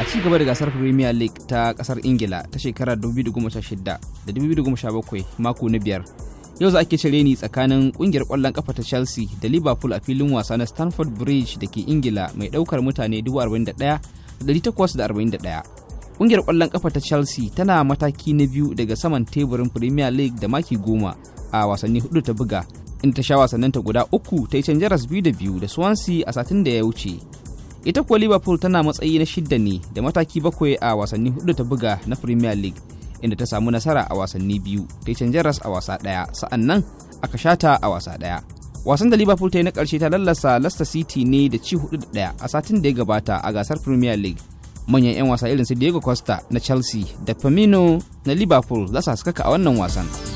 a ci gaba da gasar premier league ta kasar ingila ta shekarar 2016 da 2017 mako na biyar yau za ake cire ni tsakanin kungiyar kwallon kafa ta chelsea da liverpool a filin wasa na stanford bridge da ke ingila mai daukar mutane 41,841 kungiyar kwallon kafa ta chelsea tana mataki na biyu daga saman teburin premier league da maki goma a wasanni hudu ta buga inda ta sha wasannin ta guda uku ta yi canjaras biyu da biyu da swansea a satin da ya wuce ita kuwa liverpool tana matsayi na shidda ne da mataki bakwai a wasanni hudu ta buga na premier league inda ta samu nasara a wasanni biyu ta yi jaras a wasa ɗaya sa'an nan aka shata a wasa ɗaya wasan da liverpool ta yi na karshe ta lallasa leicester city ne da ci hudu da ɗaya a satin da ya gabata a gasar premier league manyan 'yan wasa irin su diego costa na chelsea da firmino na liverpool za su haskaka a wannan wasan.